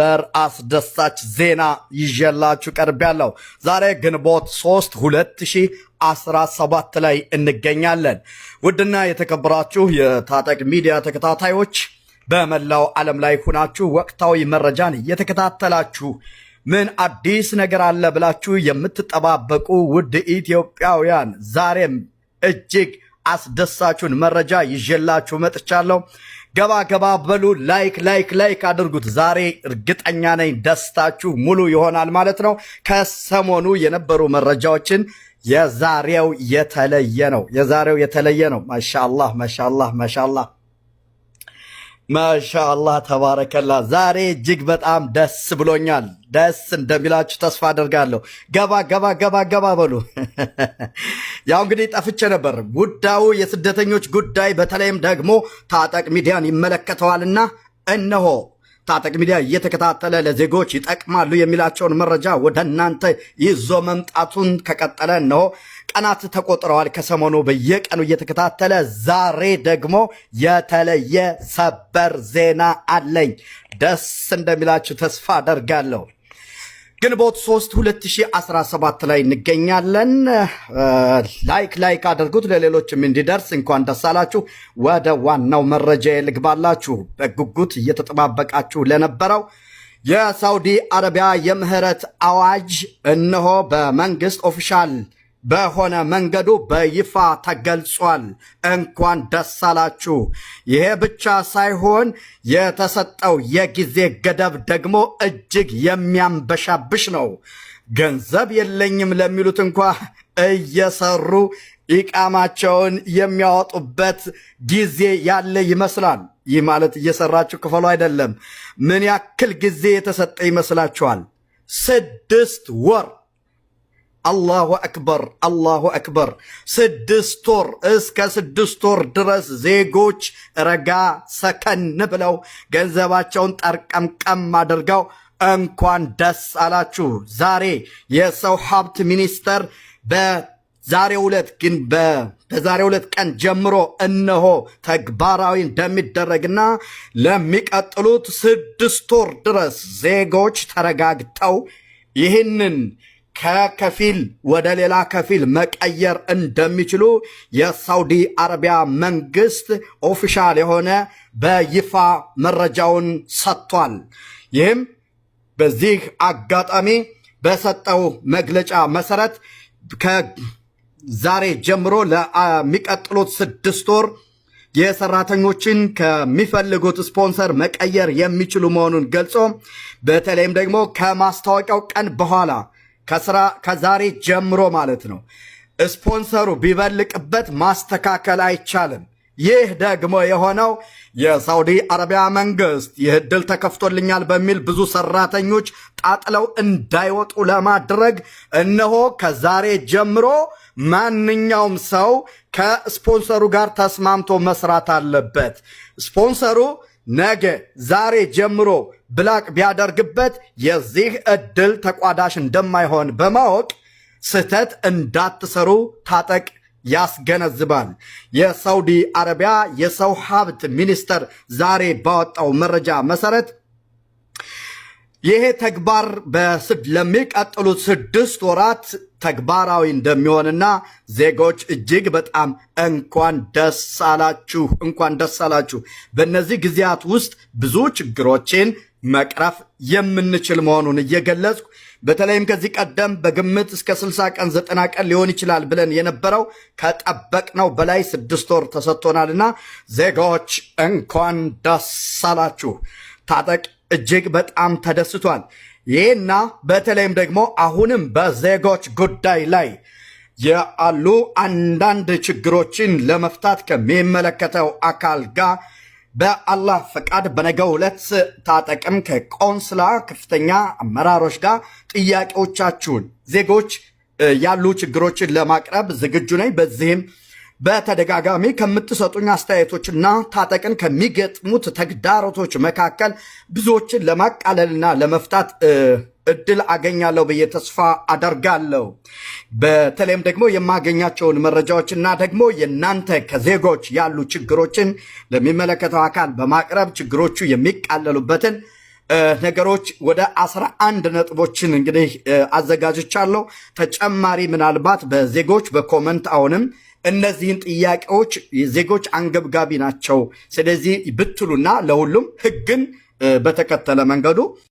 በር አስደሳች ዜና ይዤላችሁ ቀርቤያለሁ። ዛሬ ግንቦት 3 2017 ላይ እንገኛለን። ውድና የተከበራችሁ የታጠቅ ሚዲያ ተከታታዮች በመላው ዓለም ላይ ሁናችሁ ወቅታዊ መረጃን እየተከታተላችሁ ምን አዲስ ነገር አለ ብላችሁ የምትጠባበቁ ውድ ኢትዮጵያውያን ዛሬም እጅግ አስደሳችሁን መረጃ ይዤላችሁ መጥቻለሁ። ገባ ገባ በሉ። ላይክ ላይክ ላይክ አድርጉት። ዛሬ እርግጠኛ ነኝ ደስታችሁ ሙሉ ይሆናል ማለት ነው። ከሰሞኑ የነበሩ መረጃዎችን የዛሬው የተለየ ነው። የዛሬው የተለየ ነው። ማሻላህ ማሻላህ ማሻላህ ማሻአላህ ተባረከላ። ዛሬ እጅግ በጣም ደስ ብሎኛል። ደስ እንደሚላችሁ ተስፋ አደርጋለሁ። ገባ ገባ ገባ ገባ በሉ። ያው እንግዲህ ጠፍቼ ነበር። ጉዳዩ የስደተኞች ጉዳይ በተለይም ደግሞ ታጠቅ ሚዲያን ይመለከተዋልና እነሆ ታጠቅ ሚዲያ እየተከታተለ ለዜጎች ይጠቅማሉ የሚላቸውን መረጃ ወደ እናንተ ይዞ መምጣቱን ከቀጠለ ነው። ቀናት ተቆጥረዋል። ከሰሞኑ በየቀኑ እየተከታተለ ዛሬ ደግሞ የተለየ ሰበር ዜና አለኝ። ደስ እንደሚላችሁ ተስፋ አደርጋለሁ። ግንቦት 3 2017 ላይ እንገኛለን። ላይክ ላይክ አድርጉት ለሌሎችም እንዲደርስ። እንኳን ደስ አላችሁ። ወደ ዋናው መረጃ ልግባላችሁ። በጉጉት እየተጠባበቃችሁ ለነበረው የሳውዲ አረቢያ የምህረት አዋጅ እነሆ በመንግስት ኦፊሻል በሆነ መንገዱ በይፋ ተገልጿል። እንኳን ደስ አላችሁ። ይሄ ብቻ ሳይሆን የተሰጠው የጊዜ ገደብ ደግሞ እጅግ የሚያንበሻብሽ ነው። ገንዘብ የለኝም ለሚሉት እንኳ እየሰሩ ኢቃማቸውን የሚያወጡበት ጊዜ ያለ ይመስላል። ይህ ማለት እየሰራችሁ ክፈሉ አይደለም። ምን ያክል ጊዜ የተሰጠ ይመስላችኋል? ስድስት ወር አላሁ አክበር አላሁ አክበር። ስድስት ወር እስከ ስድስት ወር ድረስ ዜጎች ረጋ ሰከን ብለው ገንዘባቸውን ጠርቀምቀም አድርገው እንኳን ደስ አላችሁ። ዛሬ የሰው ሀብት ሚኒስቴር በዛሬ ሁለት ግን በዛሬው ዕለት ቀን ጀምሮ እነሆ ተግባራዊ እንደሚደረግና ለሚቀጥሉት ስድስት ወር ድረስ ዜጎች ተረጋግተው ይህንን ከከፊል ወደ ሌላ ከፊል መቀየር እንደሚችሉ የሳውዲ አረቢያ መንግስት ኦፊሻል የሆነ በይፋ መረጃውን ሰጥቷል። ይህም በዚህ አጋጣሚ በሰጠው መግለጫ መሰረት ከዛሬ ጀምሮ ለሚቀጥሉት ስድስት ወር የሰራተኞችን ከሚፈልጉት ስፖንሰር መቀየር የሚችሉ መሆኑን ገልጾ በተለይም ደግሞ ከማስታወቂያው ቀን በኋላ ከስራ ከዛሬ ጀምሮ ማለት ነው። ስፖንሰሩ ቢበልቅበት ማስተካከል አይቻልም። ይህ ደግሞ የሆነው የሳውዲ አረቢያ መንግስት ይህ እድል ተከፍቶልኛል በሚል ብዙ ሰራተኞች ጣጥለው እንዳይወጡ ለማድረግ እነሆ ከዛሬ ጀምሮ ማንኛውም ሰው ከስፖንሰሩ ጋር ተስማምቶ መስራት አለበት ስፖንሰሩ ነገ ዛሬ ጀምሮ ብላቅ ቢያደርግበት የዚህ ዕድል ተቋዳሽ እንደማይሆን በማወቅ ስህተት እንዳትሰሩ ታጠቅ ያስገነዝባል። የሳውዲ አረቢያ የሰው ሀብት ሚኒስቴር ዛሬ ባወጣው መረጃ መሰረት ይሄ ተግባር ለሚቀጥሉት ስድስት ወራት ተግባራዊ እንደሚሆንና ዜጎች እጅግ በጣም እንኳን ደስ አላችሁ እንኳን ደስ አላችሁ። በእነዚህ ጊዜያት ውስጥ ብዙ ችግሮችን መቅረፍ የምንችል መሆኑን እየገለጽኩ በተለይም ከዚህ ቀደም በግምት እስከ 60 ቀን 90 ቀን ሊሆን ይችላል ብለን የነበረው ከጠበቅነው በላይ ስድስት ወር ተሰጥቶናልና ዜጋዎች እንኳን ደስ አላችሁ። ታጠቅ እጅግ በጣም ተደስቷል። ይህና በተለይም ደግሞ አሁንም በዜጎች ጉዳይ ላይ ያሉ አንዳንድ ችግሮችን ለመፍታት ከሚመለከተው አካል ጋር በአላህ ፈቃድ በነገው ዕለት ታጠቅም ከቆንስላ ከፍተኛ አመራሮች ጋር ጥያቄዎቻችሁን ዜጎች ያሉ ችግሮችን ለማቅረብ ዝግጁ ነኝ። በዚህም በተደጋጋሚ ከምትሰጡኝ አስተያየቶችና ታጠቅን ከሚገጥሙት ተግዳሮቶች መካከል ብዙዎችን ለማቃለልና ለመፍታት እድል አገኛለሁ ብዬ ተስፋ አደርጋለሁ። በተለይም ደግሞ የማገኛቸውን መረጃዎች እና ደግሞ የእናንተ ከዜጎች ያሉ ችግሮችን ለሚመለከተው አካል በማቅረብ ችግሮቹ የሚቃለሉበትን ነገሮች ወደ አስራ አንድ ነጥቦችን እንግዲህ አዘጋጅቻለሁ። ተጨማሪ ምናልባት በዜጎች በኮመንት አሁንም እነዚህን ጥያቄዎች ዜጎች አንገብጋቢ ናቸው። ስለዚህ ብትሉና ለሁሉም ህግን በተከተለ መንገዱ